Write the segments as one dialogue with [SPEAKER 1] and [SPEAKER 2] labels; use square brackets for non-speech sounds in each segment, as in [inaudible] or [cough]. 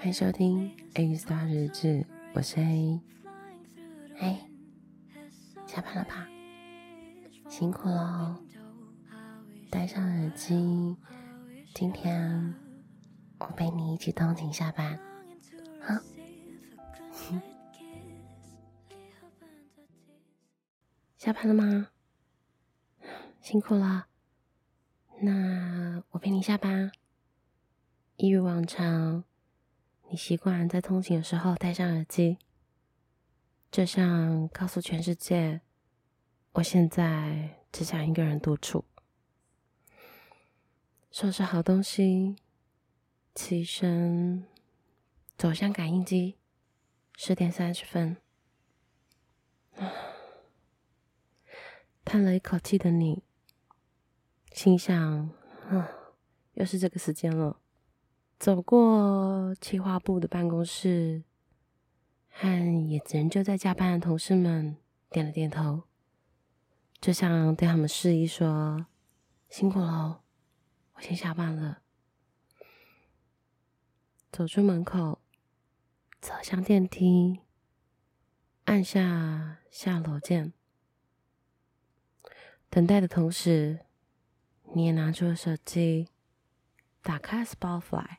[SPEAKER 1] 歡迎收聽《A Star 日誌》，我是 A A，下班了吧？辛苦了哦，戴上耳機，今天我陪你一起通勤下班。啊，下班了嗎？辛苦了，那我陪你下班，一如往常。你習慣在通勤的時候戴上耳機，就像告訴全世界，我現在只想一個人獨處。收拾好東西，起身走向感應機。十點三十分，嘆了一口氣的你，心想：啊，又是這個時間了。走過企劃部的辦公室，和也仍舊在加班的同事們點了點頭，就像對他們示意說：“辛苦了，我先下班了。”走出門口，走向電梯，按下下樓鍵。等待的同時，你也拿出了手機，打開 Spotify。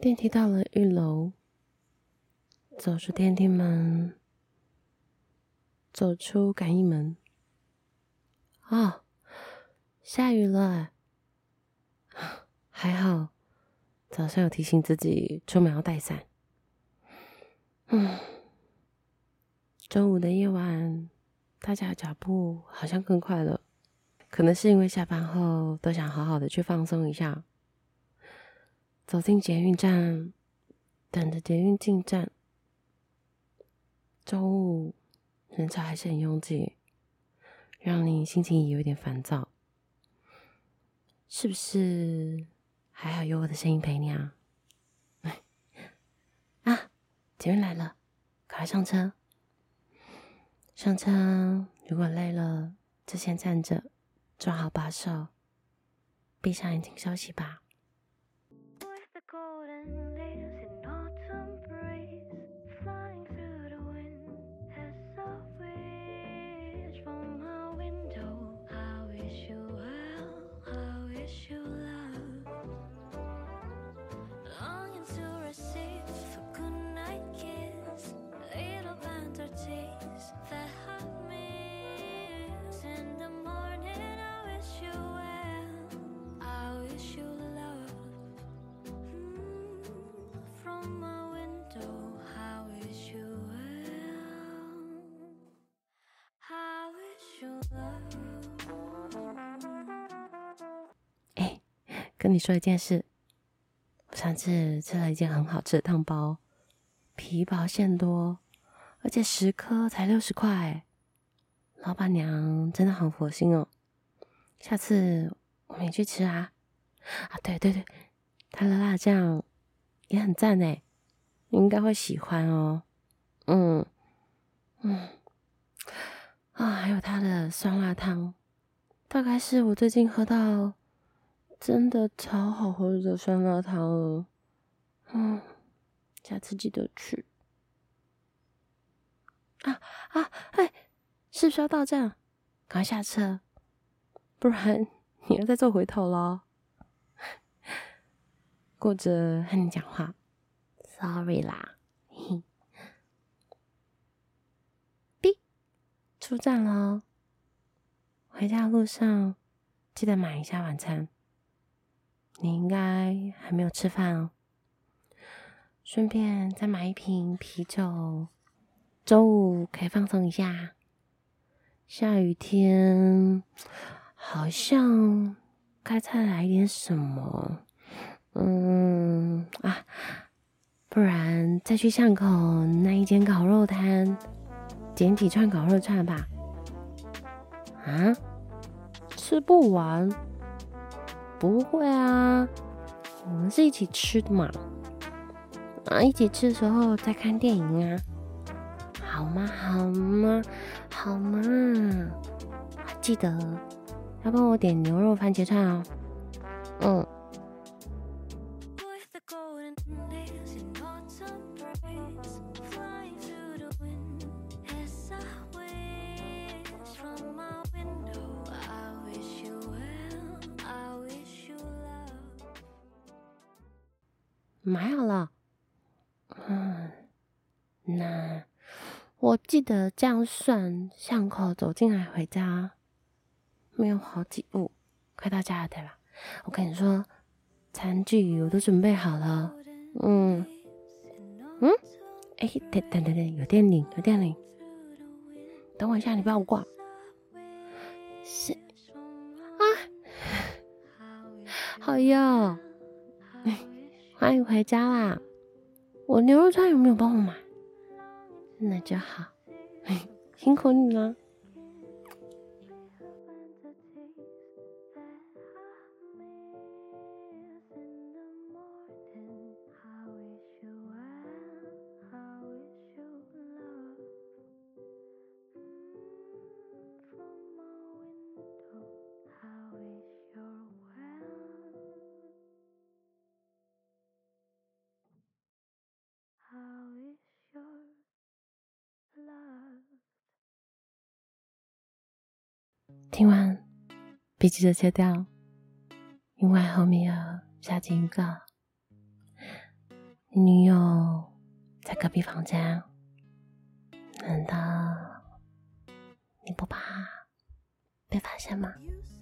[SPEAKER 1] 電梯到了一樓，走出電梯門，走出感應門。啊、哦，下雨了！還好早上有提醒自己出門要帶傘。嗯，週五的夜晚，大家的腳步好像更快了。可能是因為下班後都想好好的去放鬆一下，走進捷運站，等着捷運進站。週五，人潮還是很擁擠，讓你心情也有點煩躁，是不是？還好有我的聲音陪你啊！哎，啊，捷運來了，趕快上車。上車，如果累了就先站着。抓好把手，閉上眼睛休息吧。跟你說一件事，我上次吃了一件很好吃的湯包，皮薄餡多，而且十顆才六十塊，老闆娘真的好佛心哦。下次我們去吃啊！啊，對對對，他的辣醬也很讚誒，你應該會喜歡哦、喔。嗯嗯啊，還有他的酸辣湯，大概是我最近喝到。真的超好喝的酸辣湯哦，嗯，下次記得去、啊。啊啊，哎、欸，是不是要到站，趕快下車，不然你要再坐回頭了。顧著和你講話，sorry 啦。B 出站了，回家的路上記得買一下晚餐。你應該還沒有吃飯哦，順便再買一瓶啤酒。周五可以放鬆一下，下雨天好像該再來點什麼。嗯啊，不然再去巷口那一間烤肉攤，點幾串烤肉串吧。啊，
[SPEAKER 2] 吃
[SPEAKER 1] 不完。不會啊，我們是一起吃的嘛，啊，一起吃的時候，再看電影啊，好嗎？好嗎？好嗎？記得要幫我點牛肉番茄菜哦，嗯。買好了，嗯，那我記得這樣算巷口走進來回家，沒有好幾步，哦，快到家了對吧？我跟你說，餐具我都準備好了，嗯，嗯，哎，欸，等等等等，有電鈴，有電鈴，等我一下，你幫我掛，是啊，好喲，哦。歡迎回家啦！我牛肉串有沒有幫我買？那就好， [laughs] 辛苦你了。聽完，別急着切掉，因為後面有下集預告。你女友在隔壁房間，難道你不怕被發現嗎？Yes.